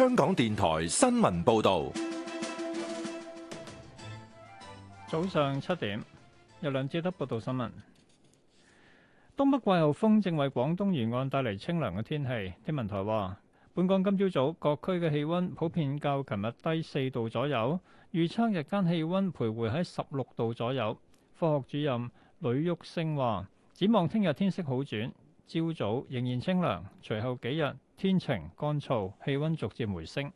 香港電台新聞報道，早上七點有梁志德報道新聞。東北季候風正為廣東沿岸帶嚟清涼嘅天氣。天文台話，本港今朝早，早各區嘅氣温普遍較琴日低四度左右，預測日間氣温徘徊喺十六度左右。科學主任呂旭升話，展望聽日天，天色好轉，朝早仍然清涼，隨後幾日，天晴乾燥，氣温逐漸回升。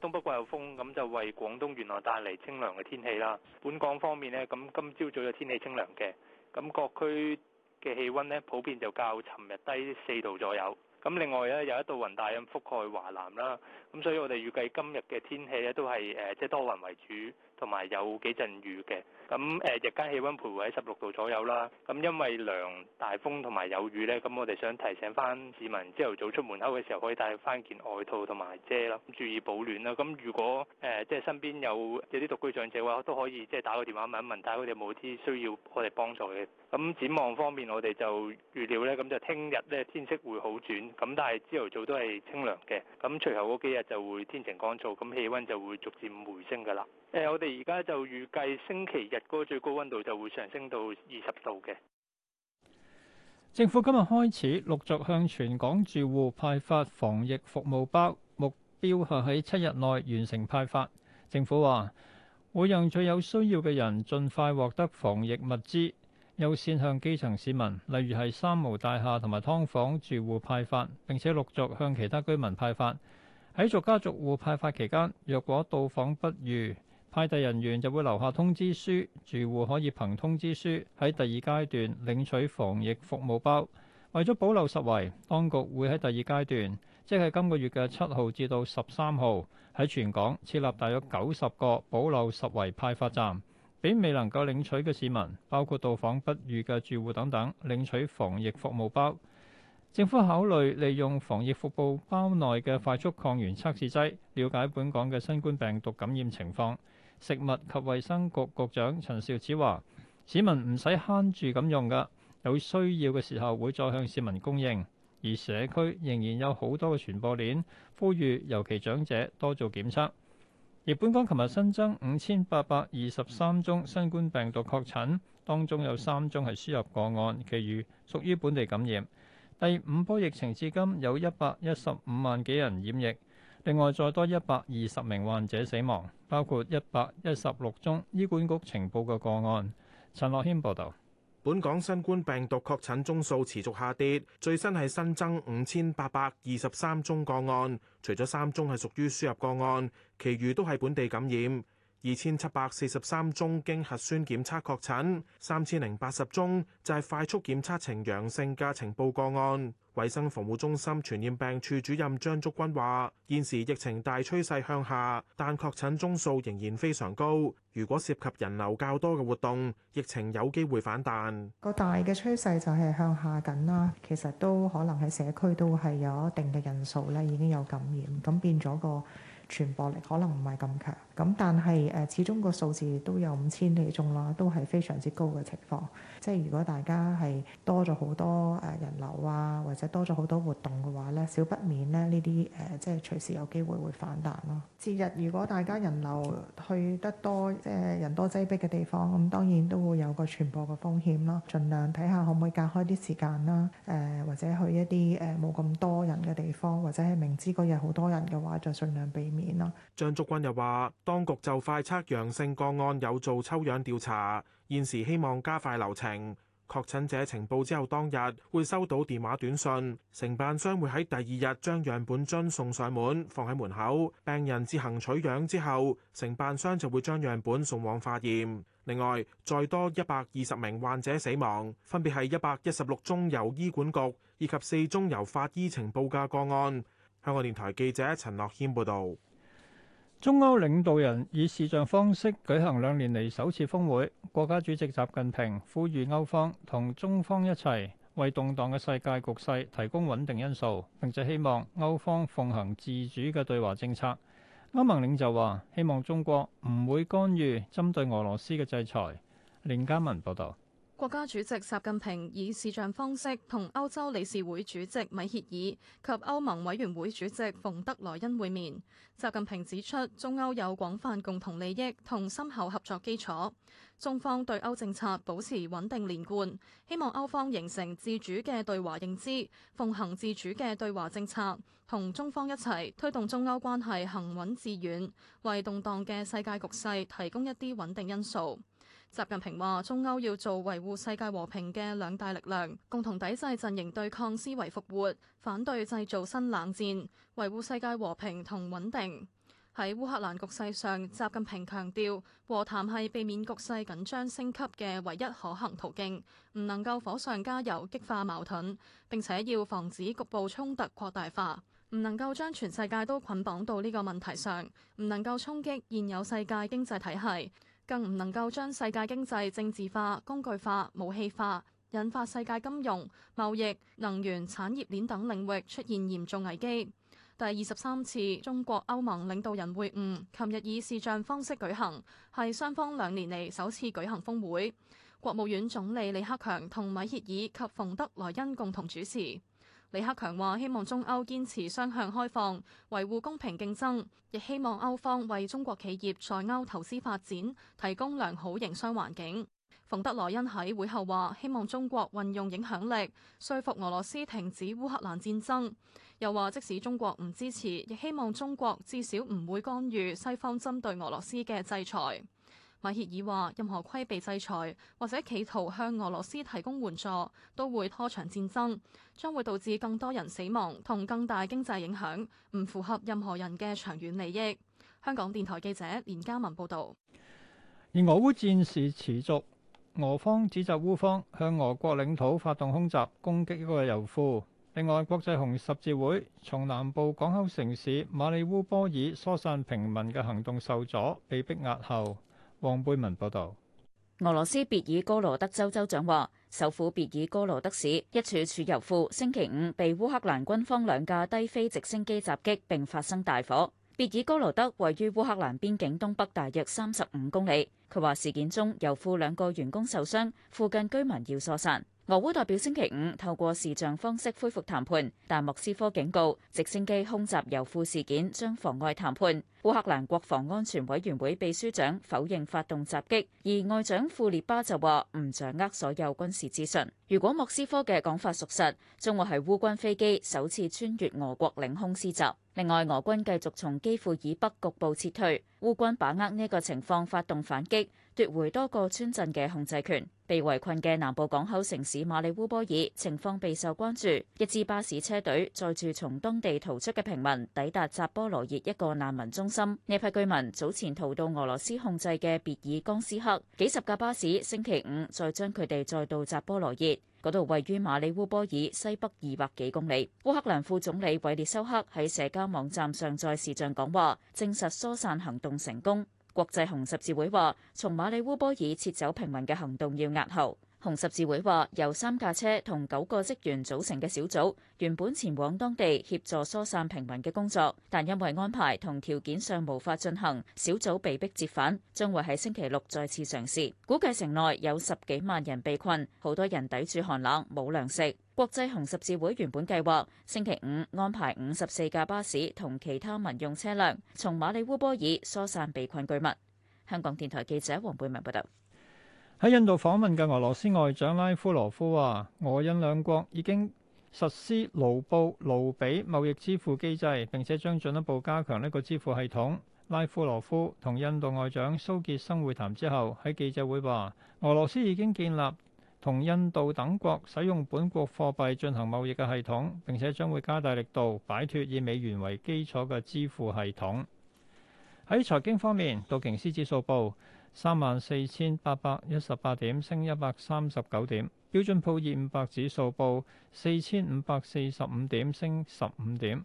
東北季候風咁就為廣東沿岸帶嚟清涼嘅天氣啦。本港方面呢，咁今朝早嘅天氣清涼嘅，咁各區嘅氣温呢，普遍就較尋日低四度左右。咁另外呢，有一道雲帶陰覆蓋華南啦，咁所以我哋預計今日嘅天氣呢，都係誒即係多雲為主。同埋有，有幾陣雨嘅，咁誒日間氣温徘徊喺十六度左右啦。咁因為涼、大風同埋有雨呢，咁我哋想提醒翻市民，朝頭早出門口嘅時候可以帶翻件外套同埋遮啦，注意保暖啦。咁如果誒、呃、即係身邊有即係啲獨居長者嘅話，都可以即係打個電話問一問，睇下佢哋有冇啲需要我哋幫助嘅。咁展望方面，我哋就預料呢，咁就聽日呢天色會好轉，咁但係朝頭早都係清涼嘅。咁隨後嗰幾日就會天晴乾燥，咁氣温就會逐漸回升㗎啦。誒，我哋。而家就預計星期日嗰個最高温度就會上升到二十度嘅。政府今日開始陸續向全港住戶派發防疫服務包，目標係喺七日內完成派發。政府話會讓最有需要嘅人盡快獲得防疫物資，優先向基層市民，例如係三無大廈同埋劏房住戶派發，並且陸續向其他居民派發。喺逐家逐戶派發期間，若果到訪不遇，派遞人員就會留下通知書，住戶可以憑通知書喺第二階段領取防疫服務包。為咗補漏拾遺，當局會喺第二階段，即係今個月嘅七號至到十三號，喺全港設立大約九十個補漏拾遺派發站，俾未能夠領取嘅市民，包括到訪不遇嘅住戶等等，領取防疫服務包。政府考慮利用防疫服務包內嘅快速抗原測試劑，了解本港嘅新冠病毒感染情況。食物及衛生局局長陳肇始話：市民唔使慳住咁用㗎，有需要嘅時候會再向市民供應。而社區仍然有好多嘅傳播鏈，呼籲尤其長者多做檢測。而本港琴日新增五千八百二十三宗新冠病毒確診，當中有三宗係輸入個案，其餘屬於本地感染。第五波疫情至今有一百一十五萬幾人染疫。另外，再多一百二十名患者死亡，包括一百一十六宗醫管局呈報嘅個案。陳樂謙報道。本港新冠病毒確診宗數持續下跌，最新係新增五千八百二十三宗個案，除咗三宗係屬於輸入個案，其餘都係本地感染。二千七百四十三宗經核酸檢測確診，三千零八十宗就係快速檢測呈陽性嘅呈報個案。衞生防護中心傳染病處主任張竹君話：現時疫情大趨勢向下，但確診宗數仍然非常高。如果涉及人流較多嘅活動，疫情有機會反彈。個大嘅趨勢就係向下緊啦。其實都可能喺社區都係有一定嘅人數咧，已經有感染，咁變咗個。傳播力可能唔係咁強，咁但係誒、呃、始終個數字都有五千幾宗啦，都係非常之高嘅情況，即係如果大家係多咗好多誒、呃、人流啊。或者多咗好多活動嘅話，咧，少不免咧呢啲誒即係隨時有機會會反彈咯。節日如果大家人流去得多，即係人多擠逼嘅地方，咁當然都會有個傳播嘅風險咯。盡量睇下可唔可以隔開啲時間啦，誒、呃、或者去一啲誒冇咁多人嘅地方，或者係明知嗰日好多人嘅話，就盡量避免啦。張竹君又話當局就快測陽性個案有做抽樣調查，現時希望加快流程。確診者情報之後當日會收到電話短訊，承辦商會喺第二日將樣本樽送上門，放喺門口。病人自行取樣之後，承辦商就會將樣本送往化驗。另外，再多一百二十名患者死亡，分別係一百一十六宗由醫管局以及四宗由法醫呈報嘅個案。香港電台記者陳樂謙報道。中歐領導人以視像方式舉行兩年嚟首次峰會，國家主席習近平呼籲歐方同中方一齊為動盪嘅世界局勢提供穩定因素，並且希望歐方奉行自主嘅對華政策。歐盟領袖話希望中國唔會干預針對俄羅斯嘅制裁。連家文報導。國家主席習近平以視像方式同歐洲理事會主席米歇爾及歐盟委員會主席馮德萊恩會面。習近平指出，中歐有廣泛共同利益同深厚合作基礎，中方對歐政策保持穩定連貫，希望歐方形成自主嘅對華認知，奉行自主嘅對華政策，同中方一齊推動中歐關係行穩致遠，為動盪嘅世界局勢提供一啲穩定因素。習近平話：中歐要做維護世界和平嘅兩大力量，共同抵制陣營對抗思維復活，反對製造新冷戰，維護世界和平同穩定。喺烏克蘭局勢上，習近平強調，和談係避免局勢緊張升級嘅唯一可行途徑，唔能夠火上加油激化矛盾，並且要防止局部衝突擴大化，唔能夠將全世界都捆綁到呢個問題上，唔能夠衝擊現有世界經濟體系。更唔能夠將世界經濟政治化、工具化、武器化，引發世界金融、貿易、能源、產業鏈等領域出現嚴重危機。第二十三次中國歐盟領導人會晤，琴日以視像方式舉行，係雙方兩年嚟首次舉行峰會。國務院總理李克強同米歇爾及馮德萊恩共同主持。李克強話：希望中歐堅持雙向開放，維護公平競爭，亦希望歐方為中國企業在歐投資發展提供良好營商環境。馮德萊恩喺會後話：希望中國運用影響力說服俄羅斯停止烏克蘭戰爭，又話即使中國唔支持，亦希望中國至少唔會干預西方針對俄羅斯嘅制裁。馬歇爾話，任何規避制裁或者企圖向俄羅斯提供援助，都會拖長戰爭，將會導致更多人死亡同更大經濟影響，唔符合任何人嘅長遠利益。香港電台記者連家文報道。而俄烏戰事持續，俄方指責烏方向俄國領土發動空襲，攻擊一個油庫。另外，國際紅十字會從南部港口城市馬里烏波爾疏散平民嘅行動受阻，被迫押後。汪佩文報道：俄羅斯別爾哥羅德州州長話，首府別爾哥羅德市一處儲油庫星期五被烏克蘭軍方兩架低飛直升機襲擊，並發生大火。別爾哥羅德位於烏克蘭邊境東北，大約三十五公里。佢話事件中油庫兩個員工受傷，附近居民要疏散。俄烏代表星期五透過視像方式恢復談判，但莫斯科警告直升機空襲油庫事件將妨礙談判。烏克蘭國防安全委員會秘書長否認發動襲擊，而外長庫列巴就話唔掌握所有軍事資訊。如果莫斯科嘅講法屬實，將會係烏軍飛機首次穿越俄國領空施襲。另外，俄軍繼續從基輔以北局部撤退，烏軍把握呢個情況發動反擊，奪回多個村鎮嘅控制權。被圍困嘅南部港口城市馬里烏波爾情況備受關注，一支巴士車隊載住從當地逃出嘅平民，抵達扎波羅熱一個難民中心。呢批居民早前逃到俄羅斯控制嘅別爾江斯克，幾十架巴士星期五再將佢哋載到扎波羅熱。嗰度位於馬里烏波爾西北二百幾公里，烏克蘭副總理韋列修克喺社交網站上載視像講話，證實疏散行動成功。國際紅十字會話，從馬里烏波爾撤走平民嘅行動要押後。紅十字會話：由三架車同九個職員組成嘅小組，原本前往當地協助疏散平民嘅工作，但因為安排同條件上無法進行，小組被迫折返，將會喺星期六再次嘗試。估計城內有十幾萬人被困，好多人抵住寒冷，冇糧食。國際紅十字會原本計劃星期五安排五十四架巴士同其他民用車輛，從馬里烏波爾疏散被困居民。香港電台記者黃貝文報道。喺印度訪問嘅俄羅斯外長拉夫羅夫話：俄印兩國已經實施盧布盧比貿易支付機制，並且將進一步加強呢個支付系統。拉夫羅夫同印度外長蘇傑生會談之後，喺記者會話：俄羅斯已經建立同印度等國使用本國貨幣進行貿易嘅系統，並且將會加大力度擺脫以美元為基礎嘅支付系統。喺財經方面，道瓊斯指數報，三萬四千八百一十八點，升一百三十九點。標準普爾五百指數報四千五百四十五點，升十五點。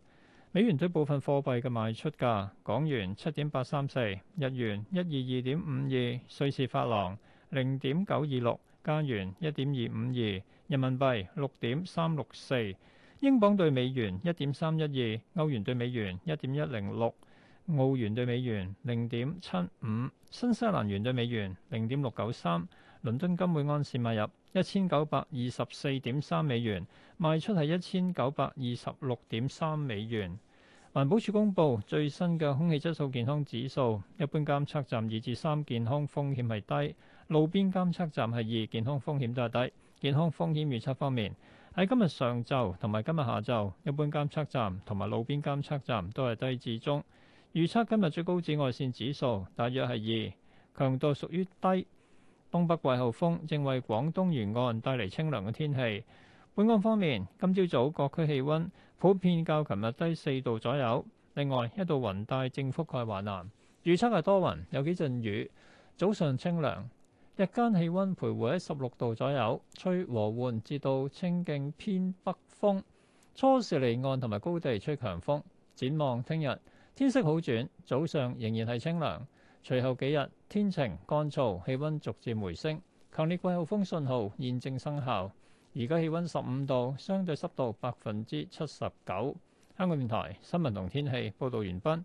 美元對部分貨幣嘅賣出價：港元七點八三四，日元一二二點五二，瑞士法郎零點九二六，加元一點二五二，人民幣六點三六四，英鎊對美元一點三一二，歐元對美元一點一零六。澳元兌美元零點七五，新西蘭元兌美元零點六九三。倫敦金每安士買入一千九百二十四點三美元，賣出係一千九百二十六點三美元。環保署公布最新嘅空氣質素健康指數，一般監測站二至三，健康風險係低，路邊監測站係二，健康風險都係低。健康風險預測方面，喺今日上晝同埋今日下晝，一般監測站同埋路邊監測站都係低至中。預測今日最高紫外線指數大約係二，強度屬於低。東北季候風正為廣東沿岸帶嚟清涼嘅天氣。本港方面，今朝早，早各區氣温普遍較琴日低四度左右。另外，一道雲帶正覆蓋華南，預測係多雲，有幾陣雨。早上清涼，日間氣温徘徊喺十六度左右，吹和緩至到清勁偏北風。初時離岸同埋高地吹強風。展望聽日。天色好轉，早上仍然係清涼。隨後幾日，天晴乾燥，氣温逐漸回升。強烈季候風信號現正生效。而家氣温十五度，相對濕度百分之七十九。香港電台新聞同天氣報道完畢。